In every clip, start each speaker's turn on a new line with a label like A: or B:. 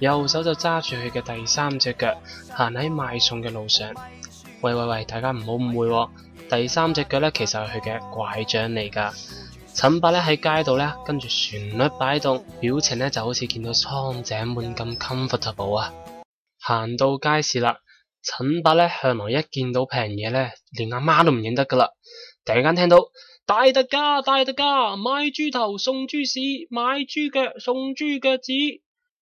A: 右手就揸住佢嘅第三隻腳，行喺買餸嘅路上。喂喂喂，大家唔好誤會喎，第三隻腳咧其實係佢嘅拐杖嚟㗎。陳伯咧喺街度咧，跟住旋律擺動，表情咧就好似見到蒼井滿咁 comfortable 啊！行到街市啦，陳伯咧向來一見到平嘢咧，連阿媽都唔認得㗎啦。突然間聽到大特價，大特價買豬頭送豬屎，買豬腳送豬腳子。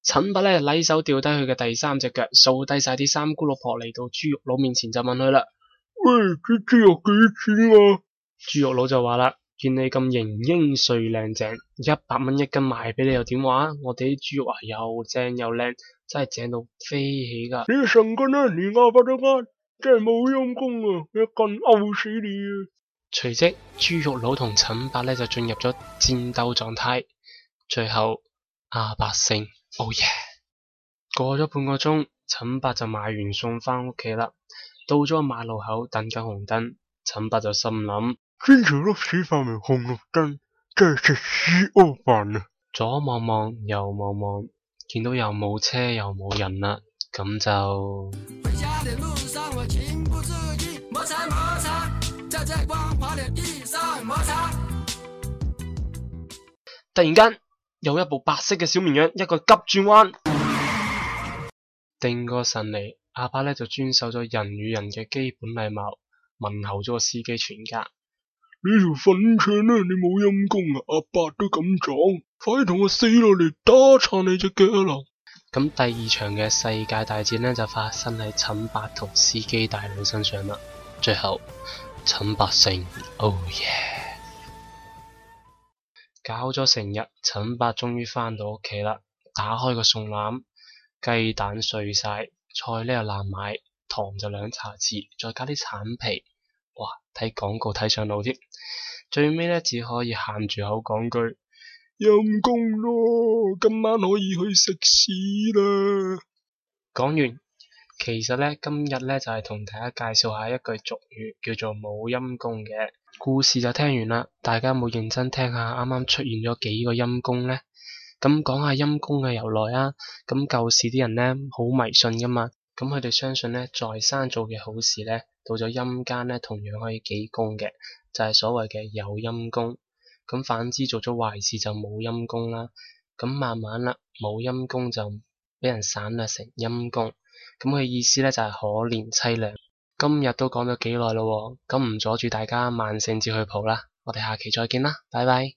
A: 陳伯咧，禮手掉低佢嘅第三隻腳，掃低晒啲三姑六婆，嚟到豬肉佬面前就問佢啦，喂，啲豬肉幾錢啊？豬肉佬就話啦，見你咁型英帥靚正，一百蚊一斤賣俾你又點話？我哋啲豬肉啊，又正又靚，真係正到飛起噶！你成根咧、啊、連牙發都黑，真係冇陰功啊！一棍毆死你啊！隨即，豬肉佬同陳伯咧就進入咗戰鬥狀態，最後阿伯勝。哦耶！Oh yeah. 過咗半個鐘，陳伯就買完餸返屋企啦。到咗馬路口等緊紅燈，陳伯就心諗：「穿條碌屎發明紅綠燈，真係食屎屙飯啊！左望望，右望望，見到又冇車又冇人啦，咁就。回家嘅路上，我情不自禁，摩擦摩擦，喺呢個光滑嘅地上摩擦。突然間。有一部白色嘅小綿羊，一個急轉彎，定過神嚟，阿伯咧就遵守咗人與人嘅基本禮貌，問候咗個司機全家。呢條粉腸咧，你冇陰功啊！阿伯都咁撞，快啲同我死落嚟，打殘你隻腳啦！咁第二場嘅世界大戰呢，就發生喺陳伯同司機大佬身上啦。最後，陳伯勝，oh yeah！搞咗成日，陳伯終於翻到屋企啦。打開個餸籃，雞蛋碎晒，菜呢又爛埋，糖就兩茶匙，再加啲橙皮。哇！睇廣告睇上腦添。最尾呢，只可以喊住口講句陰功咯，今晚可以去食屎啦。講完，其實呢，今日呢，就係同大家介紹下一句俗語，叫做冇陰功嘅。故事就聽完啦，大家有冇認真聽下啱啱出現咗幾個陰功呢？咁講下陰功嘅由來啊。咁舊時啲人呢，好迷信噶嘛，咁佢哋相信呢，在生做嘅好事呢，到咗陰間呢，同樣可以記功嘅，就係、是、所謂嘅有陰功。咁反之做咗壞事就冇陰功啦。咁慢慢啦，冇陰功就俾人散啦成陰公。咁佢意思咧就係、是、可憐凄涼。今日都講咗幾耐咯喎，咁唔阻住大家萬聖節去蒲啦，我哋下期再見啦，拜拜。